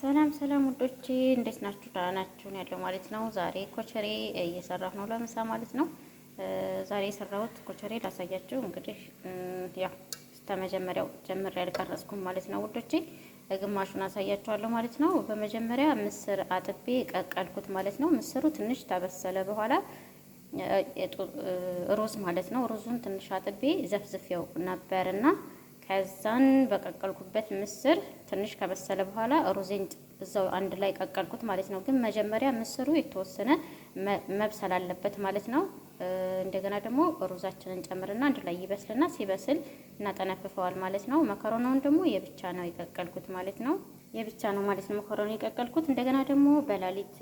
ሰላም ሰላም ውዶቼ እንዴት ናችሁ? ደህና ናችሁ ያለው ማለት ነው። ዛሬ ኮቸሬ እየሰራሁ ነው ለምሳ ማለት ነው። ዛሬ የሰራሁት ኮቸሬ ላሳያችሁ። እንግዲህ ያው ስተመጀመሪያው ጀምሬ ያልቀረጽኩም ማለት ነው ውዶቼ፣ ግማሹን አሳያችኋለሁ ማለት ነው። በመጀመሪያ ምስር አጥቤ ቀቀልኩት ማለት ነው። ምስሩ ትንሽ ተበሰለ በኋላ ሩዝ ማለት ነው። ሩዙን ትንሽ አጥቤ ዘፍዝፌው ነበርና ከዛን በቀቀልኩበት ምስር ትንሽ ከበሰለ በኋላ ሩዜን እዛው አንድ ላይ ቀቀልኩት ማለት ነው። ግን መጀመሪያ ምስሩ የተወሰነ መብሰል አለበት ማለት ነው። እንደገና ደግሞ ሩዛችንን ጨምርና አንድ ላይ ይበስልና ሲበስል እናጠነፍፈዋል ማለት ነው። መከሮናውን ደግሞ የብቻ ነው የቀቀልኩት ማለት ነው። የብቻ ነው ማለት ነው። መኮረኒ የቀቀልኩት እንደገና ደግሞ በላሊት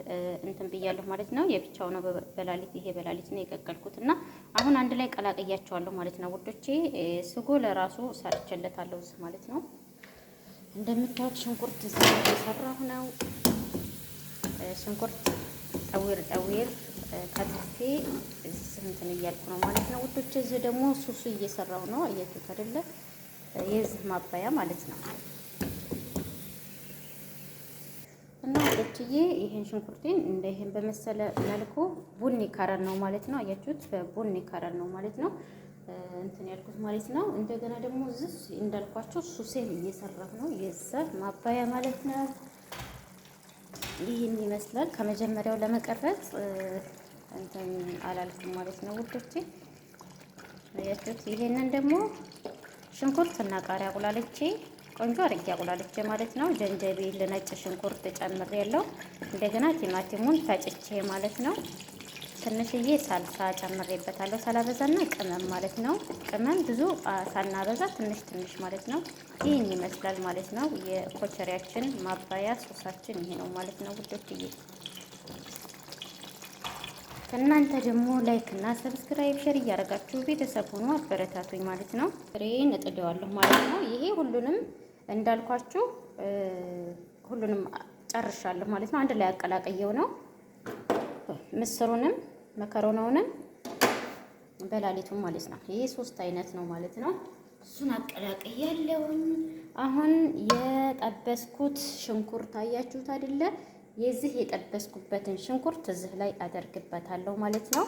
እንትን ብያለሁ ማለት ነው። የብቻው ነው በላሊት፣ ይሄ በላሊት ነው የቀቀልኩት እና አሁን አንድ ላይ ቀላቅያቸዋለሁ ማለት ነው ውዶቼ። ስጎ ለራሱ ሰርቼለታለሁ ማለት ነው። እንደምታዩት ሽንኩርት የሰራሁ ነው። ሽንኩርት ጠዊር ጠዊር ከትፌ እዚህ እንትን እያልኩ ነው ማለት ነው ውዶቼ። እዚህ ደግሞ ሱሱ እየሰራሁ ነው። አያችሁት አይደለ? የዚህ ማባያ ማለት ነው ውዶችዬ ይህን ሽንኩርቴን እንደ ይህን በመሰለ መልኩ ቡኒ ከረር ነው ማለት ነው። አያችሁት? በቡኒ ከረር ነው ማለት ነው እንትን ያልኩት ማለት ነው። እንደገና ደግሞ እዚህ እንዳልኳቸው ሱሴን እየሰራሁ ነው፣ የዘር ማባያ ማለት ነው። ይህን ይመስላል። ከመጀመሪያው ለመቀረጽ እንትን አላልኩም ማለት ነው ውዶቼ። አያችሁት? ይሄንን ደግሞ ሽንኩርት እና ቃሪያ አቁላልቼ ቆንጆ አድርጌ አቁላልቼ ማለት ነው። ጀንጀቢል፣ ነጭ ሽንኩርት ጨምሬ ያለው እንደገና ቲማቲሙን ፈጭቼ ማለት ነው። ትንሽዬ ሳልሳ ጨምሬበታለሁ ሳላበዛና ቅመም ማለት ነው። ቅመም ብዙ ሳናበዛ ትንሽ ትንሽ ማለት ነው። ይህን ይመስላል ማለት ነው። የኮቸሪያችን ማባያ ሶሳችን ይሄ ነው ማለት ነው ውዶችዬ። እናንተ ደግሞ ላይክ እና ሰብስክራይብ ሼር እያደረጋችሁ ቤተሰብ ሆኖ አበረታቱኝ ማለት ነው። ፍሬን ነጥደዋለሁ ማለት ነው። ይሄ ሁሉንም እንዳልኳችሁ ሁሉንም ጨርሻለሁ ማለት ነው። አንድ ላይ አቀላቀየው ነው ምስሩንም መከሮናውንም በላሊቱም ማለት ነው። ይሄ ሶስት አይነት ነው ማለት ነው። እሱን አቀላቅያለሁኝ። አሁን የጠበስኩት ሽንኩርት አያችሁት አይደለ? የዚህ የጠበስኩበትን ሽንኩርት እዚህ ላይ አደርግበታለሁ ማለት ነው።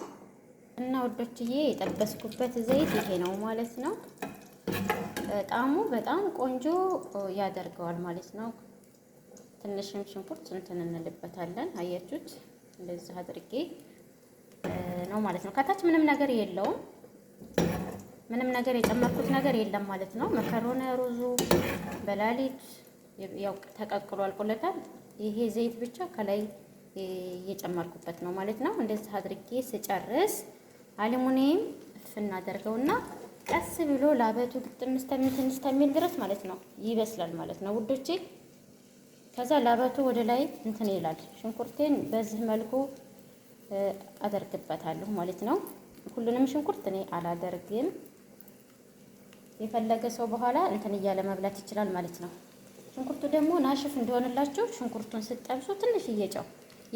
እና ወዶችዬ የጠበስኩበት ዘይት ይሄ ነው ማለት ነው። ጣዕሙ በጣም ቆንጆ ያደርገዋል ማለት ነው። ትንሽም ሽንኩርት እንትን እንልበታለን። አያችሁት? እንደዚህ አድርጌ ነው ማለት ነው። ከታች ምንም ነገር የለውም። ምንም ነገር የጨመርኩት ነገር የለም ማለት ነው። መከሮነ ሩዙ በላሊት ያው ተቀቅሎ አልቆለታል። ይሄ ዘይት ብቻ ከላይ እየጨመርኩበት ነው ማለት ነው። እንደዚህ አድርጌ ስጨርስ አሊሙኒየም እፍ እናደርገውና ቀስ ብሎ ላበቱ ግጥም ስተሚትን ስተሚል ድረስ ማለት ነው ይበስላል ማለት ነው ውዶቼ። ከዛ ላበቱ ወደ ላይ እንትን ይላል። ሽንኩርቴን በዚህ መልኩ አደርግበታለሁ ማለት ነው። ሁሉንም ሽንኩርት እኔ አላደርግም። የፈለገ ሰው በኋላ እንትን እያለ መብላት ይችላል ማለት ነው። ሽንኩርቱ ደግሞ ናሽፍ እንደሆነላችሁ ሽንኩርቱን ስጠብሱ ትንሽ እየጨው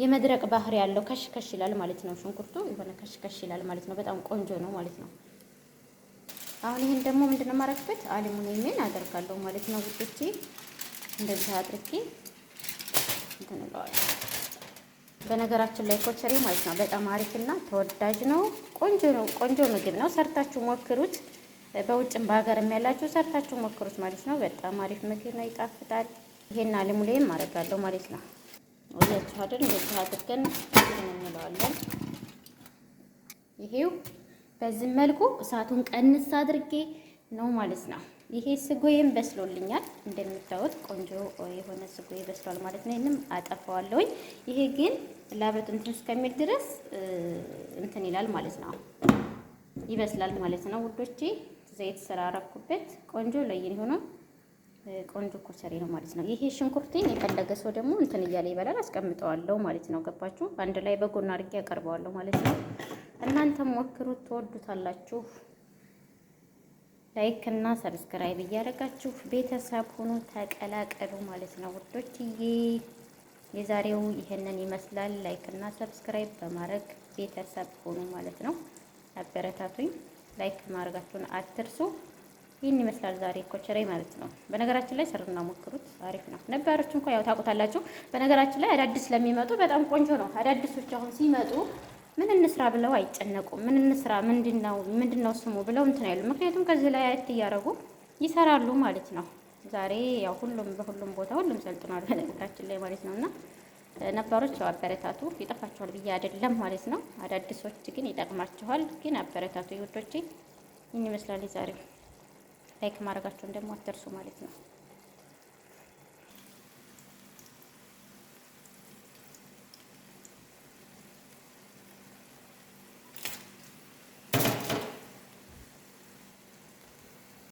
የመድረቅ ባህሪ ያለው ከሽ ከሽ ይላል ማለት ነው። ሽንኩርቱ የሆነ ከሽ ይላል ማለት ነው። በጣም ቆንጆ ነው ማለት ነው። አሁን ይሄን ደግሞ ምንድነው የማረግበት አሉሚኒየምን አደርጋለሁ ማለት ነው ውዶቼ። እንደዚህ አድርጌ እንትን እለዋለሁ። በነገራችን ላይ ኮቸሪ ማለት ነው በጣም አሪፍና ተወዳጅ ነው። ቆንጆ ነው፣ ቆንጆ ምግብ ነው። ሰርታችሁ ሞክሩት። በውጭም በሀገርም ያላችሁ ሰርታችሁ ሞክሩት ማለት ነው። በጣም አሪፍ ምግብ ነው፣ ይጣፍጣል። ይሄን አሉሚኒየም አደርጋለሁ ማለት ነው። ወያችሁ አይደል እንደዚህ አድርገን እንለዋለን። ይሄው በዚህ መልኩ እሳቱን ቀንስ አድርጌ ነው ማለት ነው። ይሄ ስጎይም በስሎልኛል እንደምታዩት ቆንጆ የሆነ ስጎይ በስሏል ማለት ነው። ይሄንም አጠፋዋለሁኝ። ይሄ ግን ላበት እንትን እስከሚል ድረስ እንትን ይላል ማለት ነው። ይበስላል ማለት ነው ውዶቼ። ዘይት ስራ አረኩበት። ቆንጆ ለይን ሆኖ ቆንጆ ኮሰሪ ነው ማለት ነው። ይሄ ሽንኩርቴን የፈለገ ሰው ደግሞ እንትን እያለ ይበላል። አስቀምጠዋለሁ ማለት ነው። ገባችሁ? አንድ ላይ በጎን አድርጌ አቀርበዋለሁ ማለት ነው። እናንተም ሞክሩት፣ ትወዱታላችሁ። ላይክ እና ሰብስክራይብ እያደረጋችሁ ቤተሰብ ሁኑ፣ ተቀላቀሉ ማለት ነው ውዶችዬ። የዛሬው ይሄንን ይመስላል። ላይክ እና ሰብስክራይብ በማድረግ ቤተሰብ ሆኑ ማለት ነው። አበረታቱኝ። ላይክ ማድረጋችሁን አትርሱ። ይህን ይመስላል ዛሬ ኮቸሬ ማለት ነው። በነገራችን ላይ ስሩና ሞክሩት፣ አሪፍ ነው። ነባሮች እንኳን ያው ታውቁታላችሁ። በነገራችን ላይ አዳዲስ ለሚመጡ በጣም ቆንጆ ነው። አዳዲሶች አሁን ሲመጡ ምን እንስራ ብለው አይጨነቁም። ምን እንስራ ምንድነው ምንድነው ስሙ ብለው እንትን አይሉ። ምክንያቱም ከዚህ ላይ አየት እያደረጉ ይሰራሉ ማለት ነው። ዛሬ ያው ሁሉም በሁሉም ቦታ ሁሉም ሰልጥኗል በነገራችን ላይ ማለት እና ነባሮች ያው አበረታቱ፣ ይጠፋቸዋል ብዬ አይደለም ማለት ነው። አዳዲሶች ግን ይጠቅማቸዋል። ግን አበረታቱ ይወዶቼ። ይህን ይመስላል ዛሬ። ላይክ ማድረጋቸውን ደግሞ አትርሱ ማለት ነው።